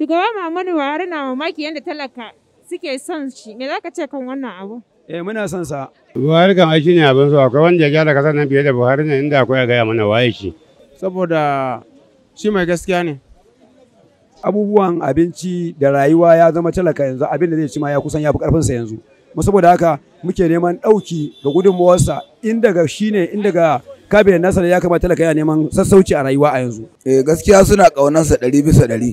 Shugaba Muhammadu Buhari na mamaki yadda talaka suke son shi. Me za ka ce kan wannan abu? Eh muna son sa. Buhari kan aiki ne abin so akwai wanda ya gyara kasar nan fiye da Buhari ne inda akwai gaya mana waye shi. Saboda shi mai gaskiya ne. Abubuwan abinci da rayuwa ya zama talaka yanzu abin da zai ci ma ya kusan ya fi sa yanzu. Mu saboda haka muke neman ɗauki ga gudunmawarsa in daga shi ne in daga kabinet nasara ya kamata talaka ya neman sassauci a rayuwa a yanzu. Eh gaskiya suna ƙaunarsa ɗari bisa ɗari.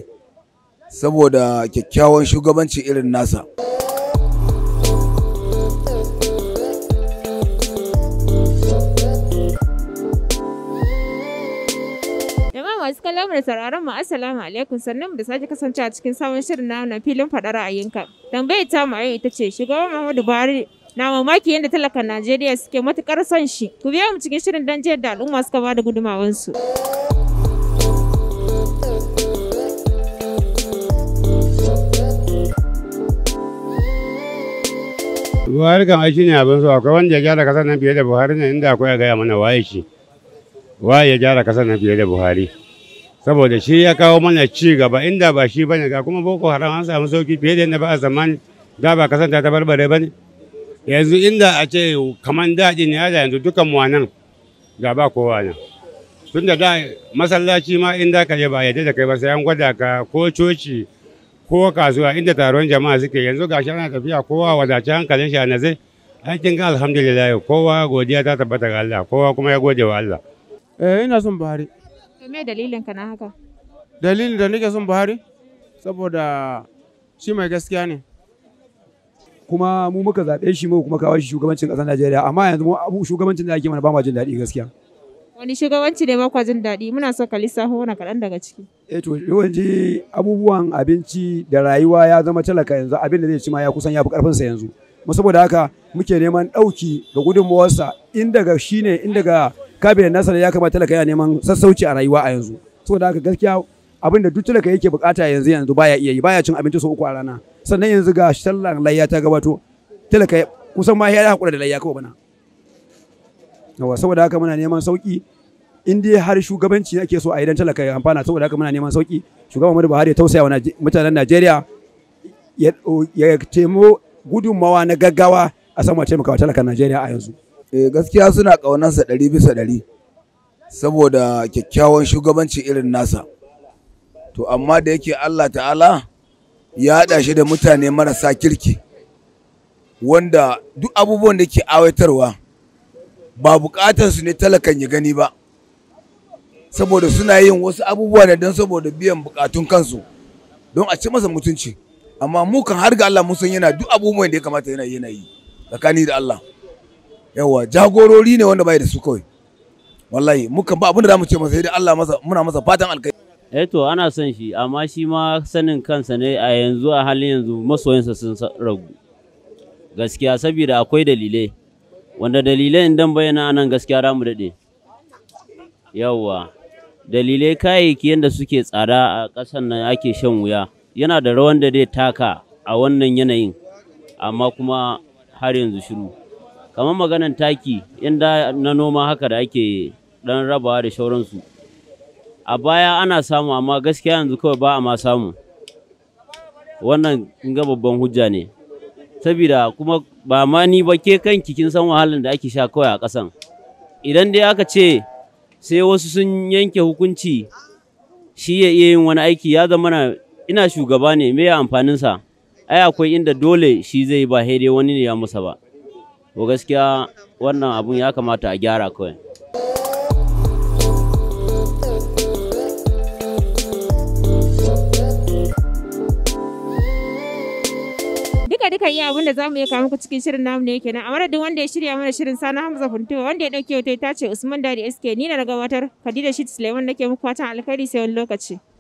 saboda kyakkyawan shugabanci irin nasa. masu kallon da sauraron mu assalamu alaikum sannan da sake kasance a cikin sabon shirin na na filin faɗa ra'ayinka tambayar ta mu ita ce shugaban Muhammadu Buhari na mamaki yadda talakan Najeriya suke matukar son shi ku biya mu cikin shirin don jiyar da al'umma suka ba da gudumawansu. buhari kan ai shine abin so akwai wanda ya gyara kasar nan fiye da buhari ne inda akwai ya gaya mana waye shi waye ya gyara kasar nan fiye da buhari saboda shi ya kawo mana ci gaba inda ba shi bane ga kuma boko haram an samu sauki fiye da yadda ba a zamani da ba kasar ta barbare bane yanzu inda a ce kaman daji ne ya yanzu dukan mu nan ga ba kowa nan tunda da masallaci ma inda ka je ba yadda da kai ba sai an gwada ka ko coci Kowa kasuwa inda taron jama'a suke yanzu gashi ana tafiya kowa wadace hankalin shi a nazai an kin ga alhamdulillah kowa godiya ta tabbata ga Allah kowa kuma ya gode wa Allah eh ina son Buhari to me dalilin ka na haka dalilin da nake son Buhari saboda shi mai gaskiya ne kuma mu muka zaɓe shi mu kuma kawo shi shugabancin ƙasar Najeriya amma yanzu mu shugabancin da ake mana ba mu jin daɗi gaskiya wani shugabanci ne ba kwa jin daɗi muna so ka lissafo na kaɗan daga ciki eh to yawanci abubuwan abinci da rayuwa ya zama talaka yanzu abin da zai ci ma ya kusan ya fi karfinsa yanzu mu saboda haka muke neman ɗauki da gudunmawarsa in daga shine in daga kabinet nasa ya kamata talaka yana neman sassauci a rayuwa a yanzu saboda haka gaskiya abin da duk talaka yake bukata yanzu yanzu baya iya yi baya cin abinci sau uku a rana sannan yanzu ga sallan layya ta gabato talaka kusan ma ya hakura da layya kawai bana saboda haka muna neman sauki in dai har shugabanci ake so a idan talaka ya amfana saboda haka muna neman sauki shugaban Muhammadu Buhari ya tausaya wa mutanen Najeriya ya temo gudunmawa na gaggawa a sama taimakawa talakan Najeriya a yanzu. Eh gaskiya suna ƙaunarsa ɗari bisa ɗari saboda kyakkyawan shugabanci irin nasa. To amma da yake Allah ta'ala ya haɗa shi da mutane marasa kirki wanda duk abubuwan da ke awatarwa ba bukatar su ne talakan ya gani ba saboda suna yin wasu abubuwa ne don saboda biyan bukatun kansu don a ci masa mutunci amma mu kan har ga Allah mun san yana duk abubuwan da ya kamata yana yana yi tsakani da Allah yawa jagorori ne wanda bai da su kawai wallahi kan ba abin da zamu ce masa sai dai Allah masa muna masa fatan alkai eh to ana son shi amma shi ma sanin kansa ne a yanzu a halin yanzu masoyansa sun ragu gaskiya saboda akwai dalilai wanda dalilai idan bayyana nan gaskiya ramu daɗe yawwa dalilai kayayyaki yadda suke tsada a ƙasan nan ake shan wuya yana da rawan da zai taka a wannan yanayin amma kuma har yanzu shiru kamar maganan taki inda na noma haka da ake dan rabawa da shauransu a baya ana samu amma gaskiya yanzu kawai ba a ma samu wannan ga babban hujja ne sabida kuma ba ma ni ba ke kanki kin san wahalar da ake sha kawai a ƙasan idan dai aka ce sai wasu sun yanke hukunci shi ya iya yin wani aiki ya zama na ina shugaba ne me ya amfaninsa ai akwai inda dole shi zai ba dai wani ne ya musa ba to gaskiya wannan abun ya kamata a gyara kawai duka duka iya abin da zamu iya kawo muku cikin shirin namu ne yake kenan a madadin wanda ya shirya mana shirin sana Hamza Funtuwa wanda ya dauke wata ta ce Usman Dadi SK ni na gabatar Khadija Shit Suleiman nake muku fatan alkhairi sai wani lokaci